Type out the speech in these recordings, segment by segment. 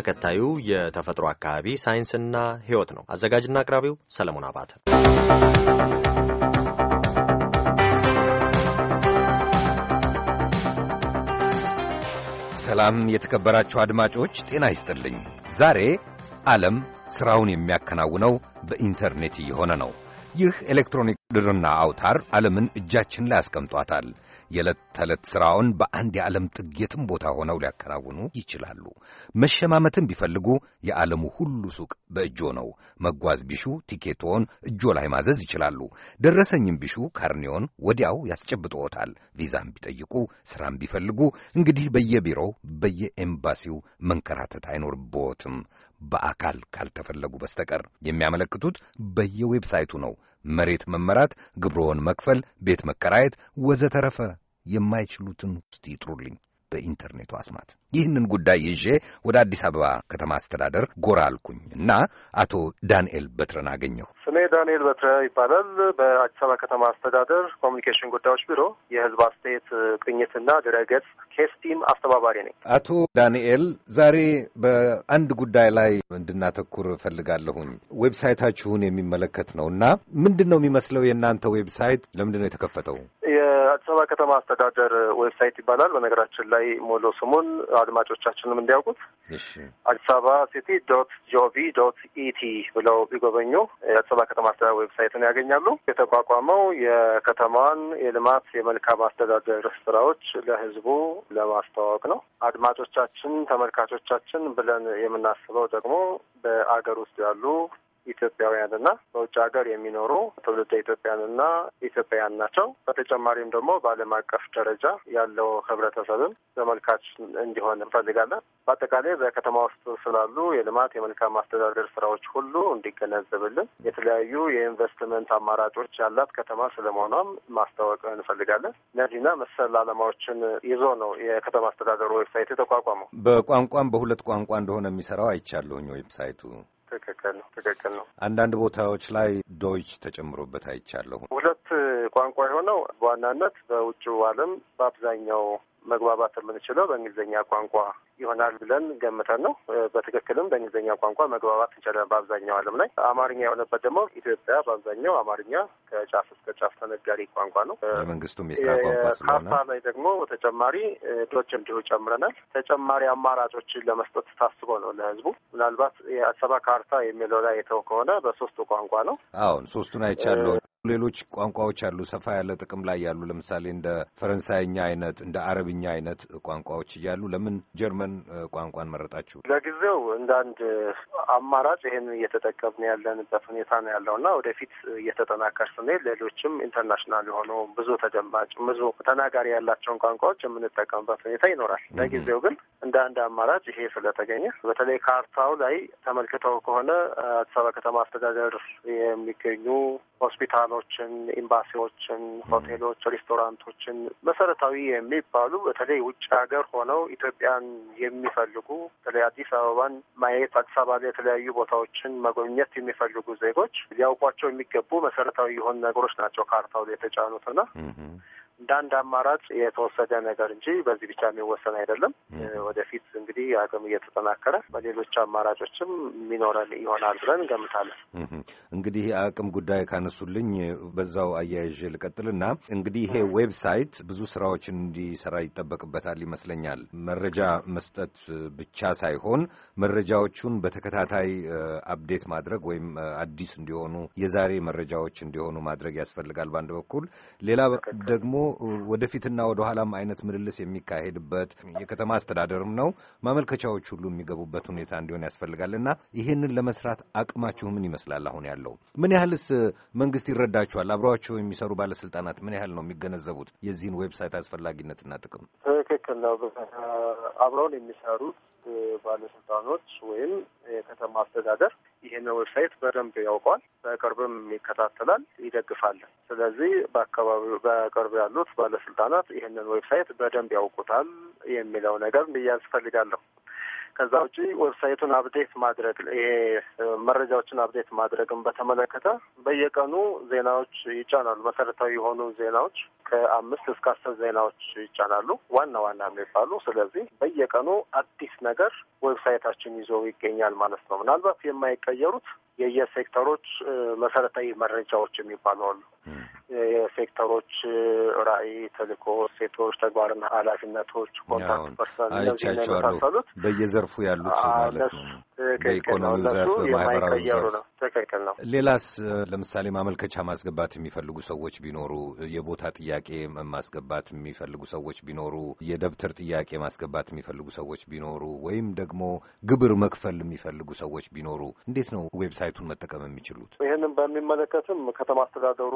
ተከታዩ የተፈጥሮ አካባቢ ሳይንስና ሕይወት ነው። አዘጋጅና አቅራቢው ሰለሞን አባተ። ሰላም የተከበራችሁ አድማጮች ጤና ይስጥልኝ። ዛሬ ዓለም ሥራውን የሚያከናውነው በኢንተርኔት እየሆነ ነው። ይህ ኤሌክትሮኒክ ድርና አውታር ዓለምን እጃችን ላይ አስቀምጧታል። የዕለት ተዕለት ሥራውን በአንድ የዓለም ጥጌትም ቦታ ሆነው ሊያከናውኑ ይችላሉ። መሸማመትን ቢፈልጉ የዓለሙ ሁሉ ሱቅ በእጆ ነው። መጓዝ ቢሹ ቲኬቶን እጆ ላይ ማዘዝ ይችላሉ። ደረሰኝም ቢሹ ካርኔዎን ወዲያው ያስጨብጥዎታል። ቪዛም ቢጠይቁ፣ ሥራም ቢፈልጉ እንግዲህ በየቢሮው በየኤምባሲው መንከራተት አይኖርብዎትም። በአካል ካልተፈለጉ በስተቀር የሚያመለክቱት በየዌብሳይቱ ነው። መሬት መመራት፣ ግብሮውን መክፈል፣ ቤት መከራየት ወዘተረፈ የማይችሉትን ውስጥ ይጥሩልኝ። በኢንተርኔቱ አስማት ይህንን ጉዳይ ይዤ ወደ አዲስ አበባ ከተማ አስተዳደር ጎራ አልኩኝ እና አቶ ዳንኤል በትረን አገኘሁ። ስሜ ዳንኤል በትረ ይባላል። በአዲስ አበባ ከተማ አስተዳደር ኮሚኒኬሽን ጉዳዮች ቢሮ የህዝብ አስተያየት ቅኝትና ድረገጽ ኬስ ቲም አስተባባሪ ነኝ። አቶ ዳንኤል ዛሬ በአንድ ጉዳይ ላይ እንድናተኩር እፈልጋለሁኝ። ዌብሳይታችሁን የሚመለከት ነው እና ምንድን ነው የሚመስለው የእናንተ ዌብሳይት ለምንድን ነው የተከፈተው? የአዲስ አበባ ከተማ አስተዳደር ዌብሳይት ይባላል። በነገራችን ላይ ሞሎ ስሙን አድማጮቻችንም እንዲያውቁት አዲስ አበባ ሲቲ ዶት ጂኦቪ ዶት ኢቲ ብለው ቢጎበኙ የአዲስ አበባ ከተማ አስተዳደር ዌብሳይትን ያገኛሉ። የተቋቋመው የከተማዋን የልማት የመልካም አስተዳደር ስራዎች ለህዝቡ ለማስተዋወቅ ነው። አድማጮቻችን፣ ተመልካቾቻችን ብለን የምናስበው ደግሞ በአገር ውስጥ ያሉ ኢትዮጵያውያን እና በውጭ ሀገር የሚኖሩ ትውልደ ኢትዮጵያን እና ኢትዮጵያውያን ናቸው። በተጨማሪም ደግሞ በዓለም አቀፍ ደረጃ ያለው ህብረተሰብም ተመልካች እንዲሆን እንፈልጋለን። በአጠቃላይ በከተማ ውስጥ ስላሉ የልማት የመልካም አስተዳደር ስራዎች ሁሉ እንዲገነዘብልን የተለያዩ የኢንቨስትመንት አማራጮች ያላት ከተማ ስለመሆኗም ማስታወቅ እንፈልጋለን። እነዚህና መሰል አላማዎችን ይዞ ነው የከተማ አስተዳደሩ ዌብሳይት የተቋቋመው። በቋንቋም በሁለት ቋንቋ እንደሆነ የሚሰራው አይቻለሁኝ ዌብሳይቱ ትክክል ነው። ትክክል ነው። አንዳንድ ቦታዎች ላይ ዶይች ተጨምሮበት አይቻለሁ። ሁለት ቋንቋ የሆነው በዋናነት በውጭው ዓለም በአብዛኛው መግባባት የምንችለው በእንግሊዝኛ ቋንቋ ይሆናል ብለን ገምተን ነው። በትክክልም በእንግሊዝኛ ቋንቋ መግባባት እንችላለን በአብዛኛው ዓለም ላይ። አማርኛ የሆነበት ደግሞ ኢትዮጵያ በአብዛኛው አማርኛ ከጫፍ እስከ ጫፍ ተነጋሪ ቋንቋ ነው። መንግስቱም የስራ ቋንቋ ስለሆነ ካርታ ላይ ደግሞ ተጨማሪ ዶች እንዲሁ ጨምረናል። ተጨማሪ አማራጮችን ለመስጠት ታስቦ ነው ለህዝቡ። ምናልባት የአሰባ ካርታ የሚለው ላይ የተው ከሆነ በሶስቱ ቋንቋ ነው። አሁን ሶስቱን አይቻለሁ። ሌሎች ቋንቋዎች አሉ፣ ሰፋ ያለ ጥቅም ላይ ያሉ ለምሳሌ እንደ ፈረንሳይኛ አይነት እንደ አረብኛ አይነት ቋንቋዎች እያሉ ለምን ጀርመን ቋንቋን መረጣችሁ? ለጊዜው እንደ አንድ አማራጭ ይህን እየተጠቀምን ያለንበት ሁኔታ ነው ያለው እና ወደፊት እየተጠናከር ስንሄድ ሌሎችም ኢንተርናሽናል የሆኑ ብዙ ተደማጭ ብዙ ተናጋሪ ያላቸውን ቋንቋዎች የምንጠቀምበት ሁኔታ ይኖራል። ለጊዜው ግን እንደ አንድ አማራጭ ይሄ ስለተገኘ በተለይ ካርታው ላይ ተመልክተው ከሆነ አዲስ አበባ ከተማ አስተዳደር የሚገኙ ሆስፒታሎችን፣ ኤምባሲዎችን፣ ሆቴሎች፣ ሬስቶራንቶችን መሰረታዊ የሚባሉ በተለይ ውጭ ሀገር ሆነው ኢትዮጵያን የሚፈልጉ በተለይ አዲስ አበባን ማየት አዲስ አበባ ላይ የተለያዩ ቦታዎችን መጎብኘት የሚፈልጉ ዜጎች ሊያውቋቸው የሚገቡ መሰረታዊ የሆኑ ነገሮች ናቸው ካርታው ላይ የተጫኑትና እንደ አንድ አማራጭ የተወሰደ ነገር እንጂ በዚህ ብቻ የሚወሰን አይደለም። ወደፊት እንግዲህ አቅም እየተጠናከረ በሌሎች አማራጮችም የሚኖረን ይሆናል ብለን እንገምታለን። እንግዲህ አቅም ጉዳይ ካነሱልኝ በዛው አያይዤ ልቀጥልና እንግዲህ ይሄ ዌብሳይት ብዙ ስራዎችን እንዲሰራ ይጠበቅበታል ይመስለኛል። መረጃ መስጠት ብቻ ሳይሆን መረጃዎቹን በተከታታይ አፕዴት ማድረግ ወይም አዲስ እንዲሆኑ የዛሬ መረጃዎች እንዲሆኑ ማድረግ ያስፈልጋል በአንድ በኩል ሌላ ደግሞ ወደፊትና ወደኋላም አይነት ምልልስ የሚካሄድበት የከተማ አስተዳደርም ነው ማመልከቻዎች ሁሉ የሚገቡበት ሁኔታ እንዲሆን ያስፈልጋል እና ይህንን ለመስራት አቅማችሁ ምን ይመስላል? አሁን ያለው ምን ያህልስ መንግስት ይረዳችኋል? አብረዋቸው የሚሰሩ ባለስልጣናት ምን ያህል ነው የሚገነዘቡት የዚህን ዌብሳይት አስፈላጊነትና ጥቅም? ትክክል ነው። አብረውን የሚሰሩት የመንግስት ባለስልጣኖች ወይም የከተማ አስተዳደር ይህን ዌብሳይት በደንብ ያውቋል፣ በቅርብም ይከታተላል፣ ይደግፋል። ስለዚህ በአካባቢው በቅርብ ያሉት ባለስልጣናት ይህንን ዌብሳይት በደንብ ያውቁታል የሚለው ነገር ብዬ ከዛ ውጪ ዌብሳይቱን አብዴት ማድረግ ይሄ መረጃዎችን አብዴት ማድረግን በተመለከተ በየቀኑ ዜናዎች ይጫናሉ። መሰረታዊ የሆኑ ዜናዎች ከአምስት እስከ አስር ዜናዎች ይጫናሉ፣ ዋና ዋና የሚባሉ። ስለዚህ በየቀኑ አዲስ ነገር ዌብሳይታችን ይዞ ይገኛል ማለት ነው። ምናልባት የማይቀየሩት የየሴክተሮች መሰረታዊ መረጃዎች የሚባሉ አሉ። የሴክተሮች ራዕይ፣ ተልዕኮ፣ ሴቶች ተግባርና ኃላፊነቶች ኮንታክት ፐርሰን እነዚህ የመሳሰሉት በየዘርፉ ያሉት ማለት ነው። በኢኮኖሚ ዘርፍ በማህበራዊ ዘርፍ ትክክል ነው። ሌላስ ለምሳሌ ማመልከቻ ማስገባት የሚፈልጉ ሰዎች ቢኖሩ፣ የቦታ ጥያቄ ማስገባት የሚፈልጉ ሰዎች ቢኖሩ፣ የደብተር ጥያቄ ማስገባት የሚፈልጉ ሰዎች ቢኖሩ፣ ወይም ደግሞ ግብር መክፈል የሚፈልጉ ሰዎች ቢኖሩ እንዴት ነው ዌብሳይቱን መጠቀም የሚችሉት? ይህንም በሚመለከትም ከተማ አስተዳደሩ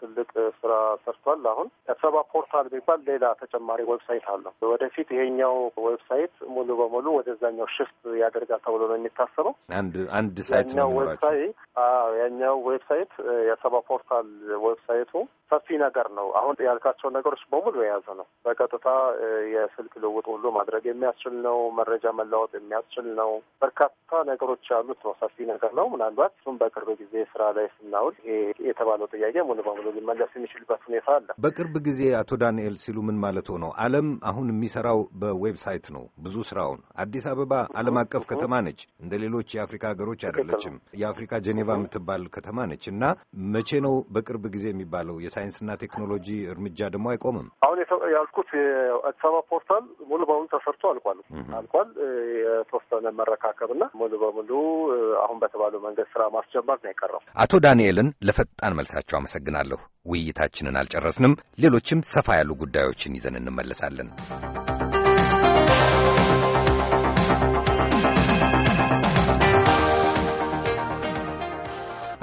ትልቅ ስራ ሰርቷል። አሁን ሰባ ፖርታል የሚባል ሌላ ተጨማሪ ዌብሳይት አለው። ወደፊት ይሄኛው ዌብሳይት ሙሉ በሙሉ ወደዛኛው ሽፍት ያደርጋል ተብሎ ነው የሚታሰበው። አንድ አንድ ሳይት ነው ዌብሳይት። ያኛው ዌብሳይት የሰባ ፖርታል ዌብሳይቱ ሰፊ ነገር ነው። አሁን ያልካቸው ነገሮች በሙሉ የያዘ ነው። በቀጥታ የስልክ ልውጥ ሁሉ ማድረግ የሚያስችል ነው። መረጃ መለወጥ የሚያስችል ነው። በርካታ ነገሮች ያሉት ነው። ሰፊ ነገር ነው። ምናልባት እሱም በቅርብ ጊዜ ስራ ላይ ስናውል የተባለው ጥያቄ ሙሉ በሙሉ ሊመለስ የሚችልበት ሁኔታ አለ። በቅርብ ጊዜ አቶ ዳንኤል ሲሉ ምን ማለት ነው? ዓለም አሁን የሚሰራው በዌብሳይት ነው ብዙ ስራውን። አዲስ አበባ ዓለም አቀፍ ከተማ ነች፣ እንደ ሌሎች የአፍሪካ ሀገሮች አይደለችም። የአፍሪካ ጄኔቫ የምትባል ከተማ ነች እና መቼ ነው በቅርብ ጊዜ የሚባለው? የሳይንስና ቴክኖሎጂ እርምጃ ደግሞ አይቆምም። አሁን ያልኩት የአዲስ አበባ ፖርታል ሙሉ በሙሉ ተሰርቶ አልቋል አልቋል። የተወሰነ መረካከብና ሙሉ በሙሉ አሁን በተባለው መንገድ ስራ ማስጀመር ነው የቀረው። አቶ ዳንኤልን ለፈጣን መልሳቸው አመሰግናለሁ። አመሰግናለሁ። ውይይታችንን አልጨረስንም። ሌሎችም ሰፋ ያሉ ጉዳዮችን ይዘን እንመለሳለን።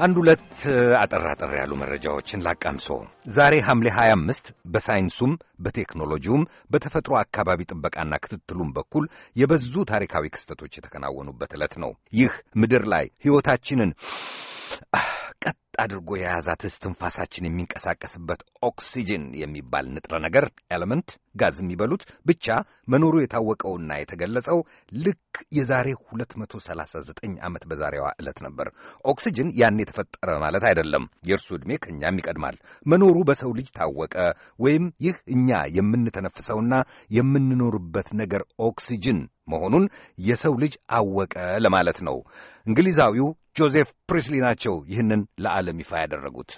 አንድ ሁለት አጠር አጠር ያሉ መረጃዎችን ላቃምሶ። ዛሬ ሐምሌ 25 በሳይንሱም በቴክኖሎጂውም በተፈጥሮ አካባቢ ጥበቃና ክትትሉም በኩል የበዙ ታሪካዊ ክስተቶች የተከናወኑበት ዕለት ነው። ይህ ምድር ላይ ሕይወታችንን አድርጎ የያዛት እስትንፋሳችን የሚንቀሳቀስበት ኦክሲጅን የሚባል ንጥረ ነገር ኤለመንት፣ ጋዝ የሚበሉት ብቻ መኖሩ የታወቀውና የተገለጸው ልክ የዛሬ 239 ዓመት በዛሬዋ ዕለት ነበር። ኦክሲጅን ያን የተፈጠረ ማለት አይደለም። የእርሱ ዕድሜ ከእኛም ይቀድማል። መኖሩ በሰው ልጅ ታወቀ። ወይም ይህ እኛ የምንተነፍሰውና የምንኖርበት ነገር ኦክሲጅን መሆኑን የሰው ልጅ አወቀ ለማለት ነው። እንግሊዛዊው ጆዜፍ ፕሪስሊ ናቸው ይህንን ለዓለም ለዓለም ይፋ ያደረጉት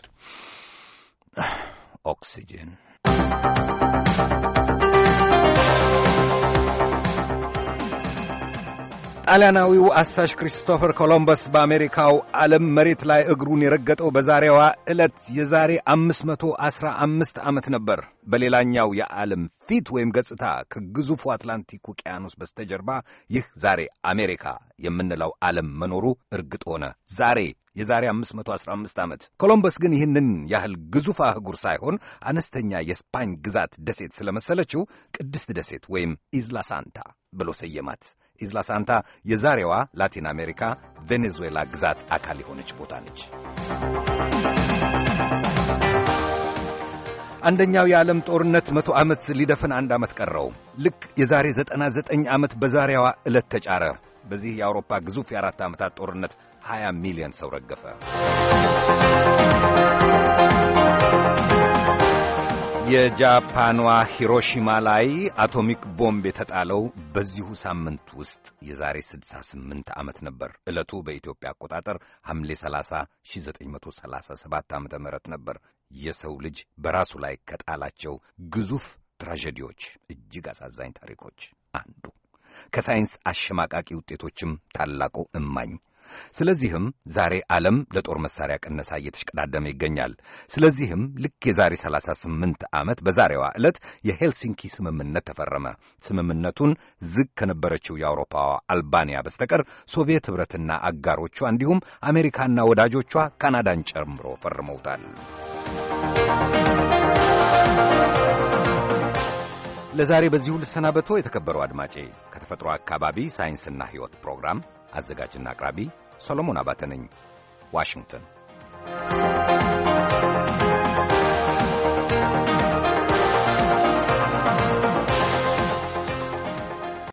ኦክሲጅን ጣሊያናዊው አሳሽ ክሪስቶፈር ኮሎምበስ በአሜሪካው ዓለም መሬት ላይ እግሩን የረገጠው በዛሬዋ ዕለት የዛሬ 515 ዓመት ነበር። በሌላኛው የዓለም ፊት ወይም ገጽታ ከግዙፉ አትላንቲክ ውቅያኖስ በስተጀርባ ይህ ዛሬ አሜሪካ የምንለው ዓለም መኖሩ እርግጥ ሆነ። ዛሬ የዛሬ 515 ዓመት ኮሎምበስ ግን ይህንን ያህል ግዙፍ አህጉር ሳይሆን አነስተኛ የስፓኝ ግዛት ደሴት ስለመሰለችው ቅድስት ደሴት ወይም ኢዝላ ሳንታ ብሎ ሰየማት። ኢዝላ ሳንታ የዛሬዋ ላቲን አሜሪካ ቬኔዙዌላ ግዛት አካል የሆነች ቦታ ነች። አንደኛው የዓለም ጦርነት መቶ ዓመት ሊደፍን አንድ ዓመት ቀረው። ልክ የዛሬ 99 ዓመት በዛሬዋ ዕለት ተጫረ። በዚህ የአውሮፓ ግዙፍ የአራት ዓመታት ጦርነት 20 ሚሊዮን ሰው ረገፈ። የጃፓኗ ሂሮሺማ ላይ አቶሚክ ቦምብ የተጣለው በዚሁ ሳምንት ውስጥ የዛሬ 68 ዓመት ነበር። ዕለቱ በኢትዮጵያ አቆጣጠር ሐምሌ 30 1937 ዓ ም ነበር። የሰው ልጅ በራሱ ላይ ከጣላቸው ግዙፍ ትራጀዲዎች፣ እጅግ አሳዛኝ ታሪኮች አንዱ ከሳይንስ አሸማቃቂ ውጤቶችም ታላቁ እማኝ ስለዚህም ዛሬ ዓለም ለጦር መሳሪያ ቅነሳ እየተሽቀዳደመ ይገኛል። ስለዚህም ልክ የዛሬ 38 ዓመት በዛሬዋ ዕለት የሄልሲንኪ ስምምነት ተፈረመ። ስምምነቱን ዝግ ከነበረችው የአውሮፓዋ አልባንያ በስተቀር ሶቪየት ኅብረትና አጋሮቿ እንዲሁም አሜሪካና ወዳጆቿ ካናዳን ጨምሮ ፈርመውታል። ለዛሬ በዚሁ ልሰናበቶ። የተከበረው አድማጬ ከተፈጥሮ አካባቢ ሳይንስና ሕይወት ፕሮግራም አዘጋጅና አቅራቢ ሰሎሞን አባተ ነኝ ዋሽንግተን